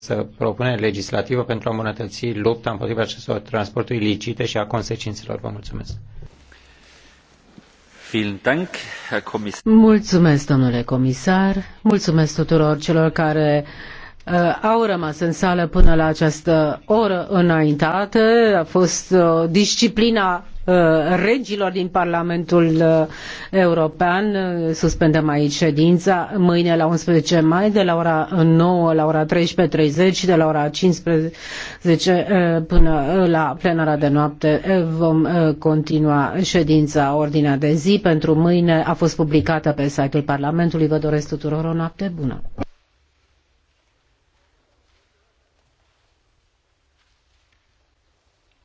Să propune legislativă pentru a îmbunătăți lupta împotriva acestor transporturi ilicite și a consecințelor. Vă mulțumesc. Mulțumesc, domnule comisar. Mulțumesc tuturor celor care uh, au rămas în sală până la această oră înaintată. A fost o uh, disciplina Uh, regilor din Parlamentul uh, European. Uh, suspendăm aici ședința. Mâine la 11 mai, de la ora 9 la ora 13.30 și de la ora 15 până la plenara de noapte vom continua ședința. Ordinea de zi pentru mâine a fost publicată pe site-ul Parlamentului. Vă doresc tuturor o noapte bună.